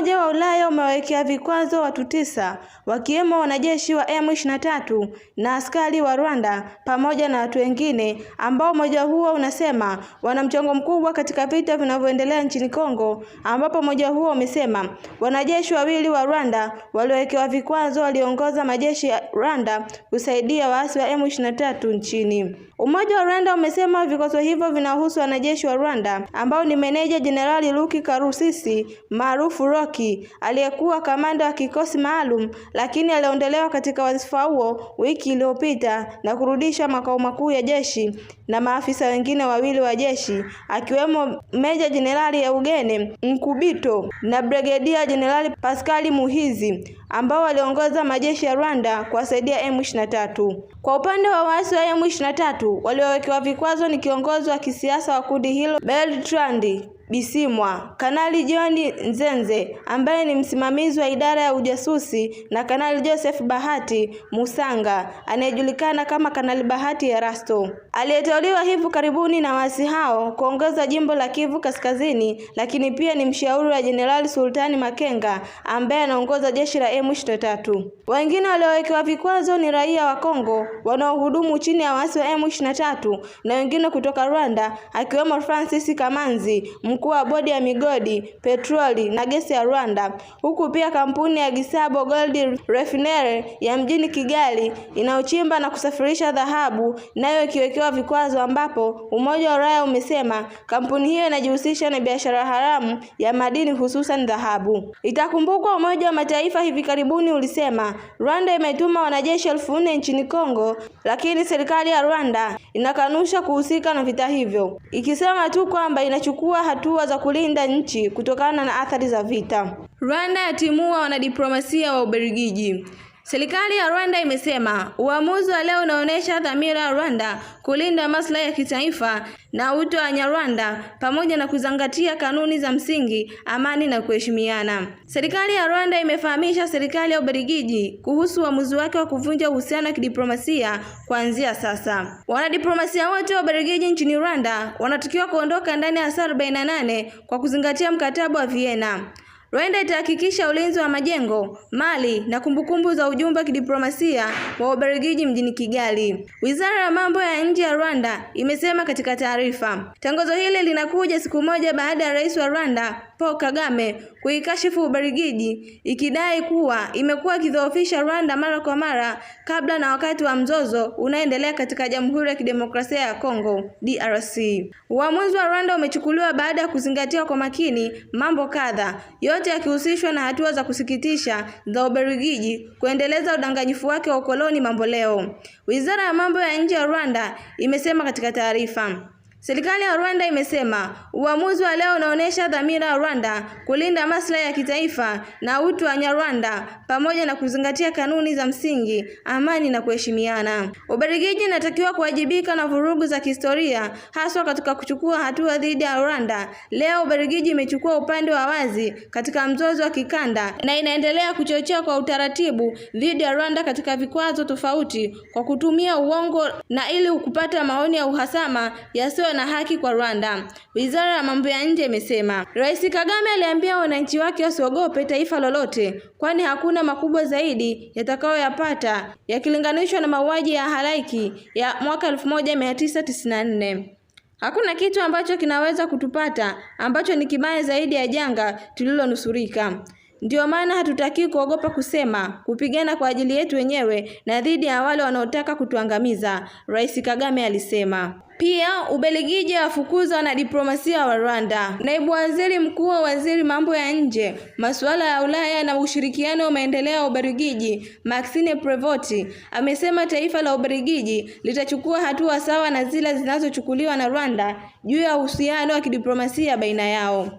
Umoja wa Ulaya umewawekea vikwazo watu tisa wakiwemo wanajeshi wa M23 na askari wa Rwanda pamoja na watu wengine ambao umoja huo unasema wana mchango mkubwa katika vita vinavyoendelea nchini Kongo, ambapo umoja huo umesema wanajeshi wawili wa Rwanda waliowekewa vikwazo waliongoza majeshi ya Rwanda kusaidia waasi wa M23 nchini. Umoja wa Rwanda umesema vikwazo hivyo vinahusu wanajeshi wa Rwanda ambao ni meneja jenerali Luki Karusisi maarufu Rock Mboki aliyekuwa kamanda wa kikosi maalum lakini aliondolewa katika wadhifa huo wiki iliyopita na kurudisha makao makuu ya jeshi na maafisa wengine wawili wa jeshi akiwemo Meja Jenerali Eugene Nkubito na Brigedia Jenerali Pascal Muhizi ambao waliongoza majeshi ya Rwanda kuwasaidia M23. Kwa upande wa waasi wa M23 waliowekewa vikwazo ni kiongozi wa kisiasa wa kundi hilo Bertrand Bisimwa, Kanali John Nzenze ambaye ni msimamizi wa idara ya ujasusi na Kanali Joseph Bahati Musanga anayejulikana kama Kanali Bahati Erasto aliyeteuliwa hivi karibuni na waasi hao kuongoza jimbo la Kivu Kaskazini, lakini pia ni mshauri wa Jenerali Sultani Makenga ambaye anaongoza jeshi la M23. Wengine waliowekewa vikwazo ni raia wa Kongo wanaohudumu chini ya waasi wa M23 na wengine kutoka Rwanda akiwemo Francis Kamanzi mk mkuu wa bodi ya migodi, petroli na gesi ya Rwanda, huku pia kampuni ya Gisabo Gold Refinery ya mjini Kigali inayochimba na kusafirisha dhahabu nayo ikiwekewa vikwazo, ambapo Umoja wa Ulaya umesema kampuni hiyo inajihusisha na biashara haramu ya madini hususan dhahabu. Itakumbukwa Umoja wa Mataifa hivi karibuni ulisema Rwanda imetuma wanajeshi elfu nne nchini Kongo, lakini serikali ya Rwanda inakanusha kuhusika na vita hivyo ikisema tu kwamba inachukua hatua hatua za kulinda nchi kutokana na athari za vita. Rwanda yatimua wanadiplomasia wa Ubelgiji. Serikali ya Rwanda imesema uamuzi wa leo unaonyesha dhamira ya Rwanda kulinda maslahi ya kitaifa na utu wa Nyarwanda pamoja na kuzingatia kanuni za msingi, amani na kuheshimiana. Serikali ya Rwanda imefahamisha serikali ya Ubelgiji kuhusu uamuzi wake wa kuvunja uhusiano wa kidiplomasia kuanzia sasa. Wanadiplomasia wote wa Ubelgiji nchini Rwanda wanatakiwa kuondoka ndani ya saa 48 kwa kuzingatia mkataba wa Vienna. Rwanda itahakikisha ulinzi wa majengo, mali na kumbukumbu za ujumbe wa kidiplomasia wa Ubelgiji mjini Kigali. Wizara ya mambo ya nje ya Rwanda imesema katika taarifa. Tangazo hili linakuja siku moja baada ya Rais wa Rwanda Paul Kagame kuikashifu Ubelgiji ikidai kuwa imekuwa ikidhoofisha Rwanda mara kwa mara kabla na wakati wa mzozo unaendelea katika Jamhuri ya Kidemokrasia ya Kongo DRC. Uamuzi wa Rwanda umechukuliwa baada ya kuzingatia kwa makini mambo kadha. Yote yote yakihusishwa na hatua za kusikitisha za Ubelgiji kuendeleza udanganyifu wake wa ukoloni mambo leo, wizara ya mambo ya nje ya Rwanda imesema katika taarifa. Serikali ya Rwanda imesema uamuzi wa leo unaonyesha dhamira ya Rwanda kulinda maslahi ya kitaifa na utu wa Nyarwanda pamoja na kuzingatia kanuni za msingi, amani na kuheshimiana. Ubelgiji inatakiwa kuwajibika na vurugu za kihistoria, haswa katika kuchukua hatua dhidi ya Rwanda. Leo Ubelgiji imechukua upande wa wazi katika mzozo wa kikanda na inaendelea kuchochea kwa utaratibu dhidi ya Rwanda katika vikwazo tofauti kwa kutumia uongo na ili kupata maoni ya uhasama yasiyo isiyo na haki kwa Rwanda, wizara ya mambo ya nje imesema. Rais Kagame aliambia wananchi wake wasiogope taifa lolote, kwani hakuna makubwa zaidi yatakayoyapata yakilinganishwa na mauaji ya halaiki ya mwaka 1994. Hakuna kitu ambacho kinaweza kutupata ambacho ni kibaya zaidi ya janga tulilonusurika. Ndiyo maana hatutaki kuogopa kusema, kupigana kwa ajili yetu wenyewe na dhidi ya wale wanaotaka kutuangamiza, Rais Kagame alisema. Pia Ubelgiji na wanadiplomasia wa Rwanda. Naibu waziri mkuu wa waziri mambo ya nje, masuala ya Ulaya na ushirikiano wa maendeleo ya Ubelgiji, Maxine Prevoti, amesema taifa la Ubelgiji litachukua hatua sawa na zile zinazochukuliwa na Rwanda juu ya uhusiano wa kidiplomasia baina yao.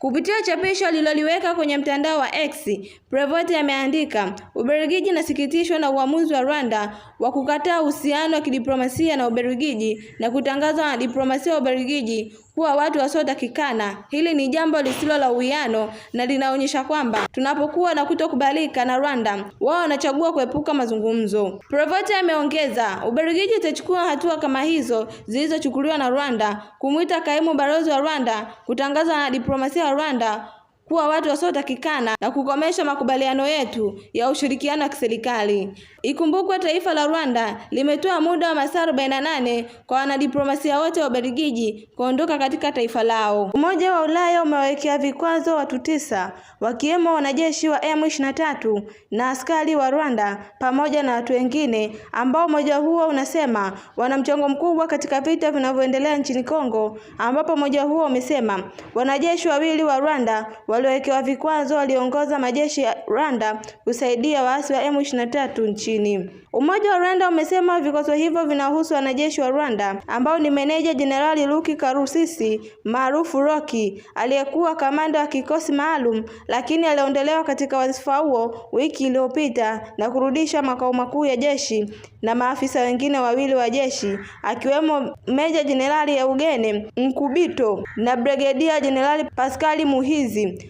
Kupitia chapisho aliloliweka kwenye mtandao wa X, Prevote ameandika, Ubelgiji inasikitishwa na uamuzi wa Rwanda wa kukataa uhusiano wa kidiplomasia na Ubelgiji na kutangaza wanadiplomasia wa Ubelgiji kuwa watu wasiotakikana. Hili ni jambo lisilo la uwiano na linaonyesha kwamba tunapokuwa na kutokubalika na Rwanda, wao wanachagua kuepuka mazungumzo. Provote ameongeza, Ubelgiji itachukua hatua kama hizo zilizochukuliwa na Rwanda, kumwita kaimu balozi wa rwanda kutangaza na diplomasia ya Rwanda kuwa watu wasiotakikana na kukomesha makubaliano yetu ya ushirikiano wa kiserikali. Ikumbukwe taifa la Rwanda limetoa muda wa masaa nane kwa wanadiplomasia wote wa Ubelgiji kuondoka katika taifa lao. Umoja wa Ulaya umewawekea vikwazo watu tisa wakiwemo wanajeshi wa M23 na askari wa Rwanda pamoja na watu wengine ambao umoja huo unasema wana mchango mkubwa katika vita vinavyoendelea nchini Kongo, ambapo umoja huo umesema wanajeshi wawili wa Rwanda wa waliowekewa vikwazo waliongoza majeshi ya Rwanda kusaidia waasi wa M23 nchini. Umoja wa Rwanda umesema vikwazo hivyo vinahusu wanajeshi wa Rwanda ambao ni meneja Jenerali Luki Karusisi maarufu Roki, aliyekuwa kamanda wa kikosi maalum, lakini aliondolewa katika wadhifa huo wiki iliyopita na kurudisha makao makuu ya jeshi na maafisa wengine wawili wa jeshi akiwemo Meja Jenerali Eugene Nkubito na Brigedia Jenerali paskali Muhizi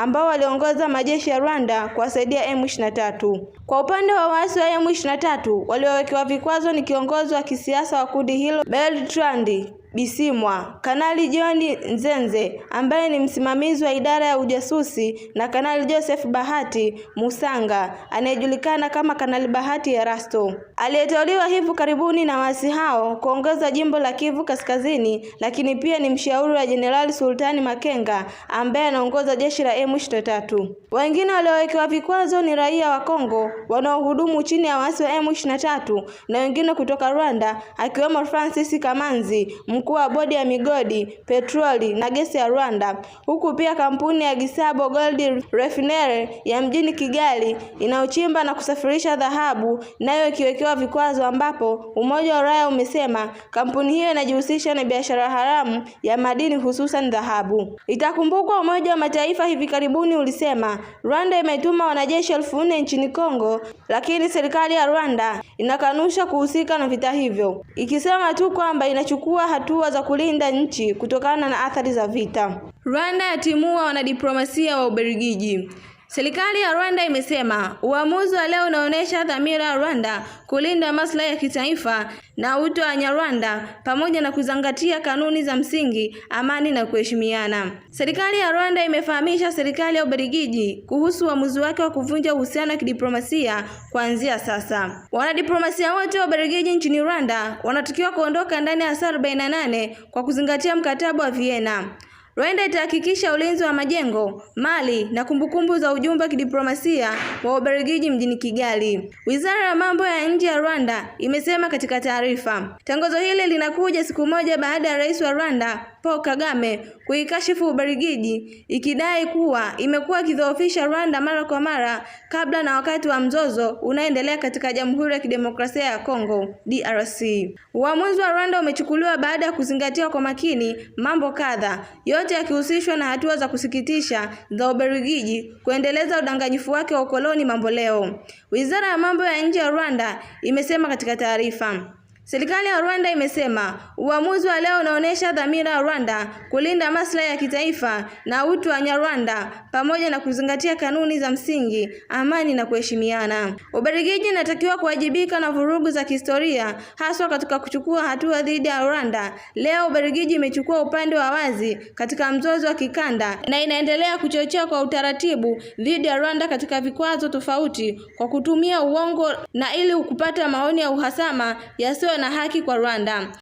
ambao waliongoza majeshi ya Rwanda kuwasaidia M23. Kwa upande wa waasi wa M23 waliowekewa vikwazo ni kiongozi wa kisiasa wa kundi hilo Bertrand Bisimwa, Kanali John Nzenze ambaye ni msimamizi wa idara ya ujasusi na Kanali Joseph Bahati Musanga anayejulikana kama Kanali Bahati Erasto, aliyeteuliwa hivi karibuni na waasi hao kuongoza jimbo la Kivu Kaskazini, lakini pia ni mshauri wa Jenerali Sultani Makenga ambaye anaongoza jeshi la M mwisho tatu. Wengine waliowekewa vikwazo ni raia wa Kongo wanaohudumu chini ya waasi wa M23 na wengine kutoka Rwanda, akiwemo Francis Kamanzi, mkuu wa bodi ya migodi, petroli na gesi ya Rwanda, huku pia kampuni ya Gisabo Gold Refinery ya mjini Kigali inayochimba na kusafirisha dhahabu nayo ikiwekewa vikwazo, ambapo Umoja wa Ulaya umesema kampuni hiyo inajihusisha na biashara haramu ya madini hususan dhahabu. Itakumbukwa Umoja wa Mataifa hivi karibuni ulisema Rwanda imetuma wanajeshi elfu nne nchini Kongo, lakini serikali ya Rwanda inakanusha kuhusika na vita hivyo, ikisema tu kwamba inachukua hatua za kulinda nchi kutokana na athari za vita. Rwanda yatimua wanadiplomasia wa Ubelgiji. Serikali ya Rwanda imesema uamuzi wa leo unaonyesha dhamira ya Rwanda kulinda maslahi ya kitaifa na utu wa Nyarwanda pamoja na kuzingatia kanuni za msingi, amani na kuheshimiana. Serikali ya Rwanda imefahamisha serikali ya Ubelgiji kuhusu uamuzi wake wa kuvunja uhusiano wa kidiplomasia kuanzia sasa. Wanadiplomasia wote wa Ubelgiji nchini Rwanda wanatakiwa kuondoka ndani ya saa 48 kwa kuzingatia mkataba wa Vienna. Rwanda itahakikisha ulinzi wa majengo, mali na kumbukumbu za ujumbe wa kidiplomasia wa Ubelgiji mjini Kigali. Wizara ya mambo ya nje ya Rwanda imesema katika taarifa. Tangazo hili linakuja siku moja baada ya Rais wa Rwanda Paul Kagame kuikashifu ubarigiji ikidai kuwa imekuwa ikidhoofisha Rwanda mara kwa mara kabla na wakati wa mzozo unaendelea katika Jamhuri ya Kidemokrasia ya Kongo DRC. Uamuzi wa Rwanda umechukuliwa baada ya kuzingatia kwa makini mambo kadha, yote yakihusishwa na hatua za kusikitisha za Ubelgiji kuendeleza udanganyifu wake wa ukoloni mambo leo. Wizara ya mambo ya nje ya Rwanda imesema katika taarifa Serikali ya Rwanda imesema uamuzi wa leo unaonyesha dhamira ya Rwanda kulinda maslahi ya kitaifa na utu wa Nyarwanda pamoja na kuzingatia kanuni za msingi, amani na kuheshimiana. Ubelgiji inatakiwa kuwajibika na vurugu za kihistoria, haswa katika kuchukua hatua dhidi ya Rwanda. Leo Ubelgiji imechukua upande wa wazi katika mzozo wa kikanda na inaendelea kuchochea kwa utaratibu dhidi ya Rwanda katika vikwazo tofauti kwa kutumia uongo na ili kupata maoni ya uhasama yasiyo na haki kwa Rwanda.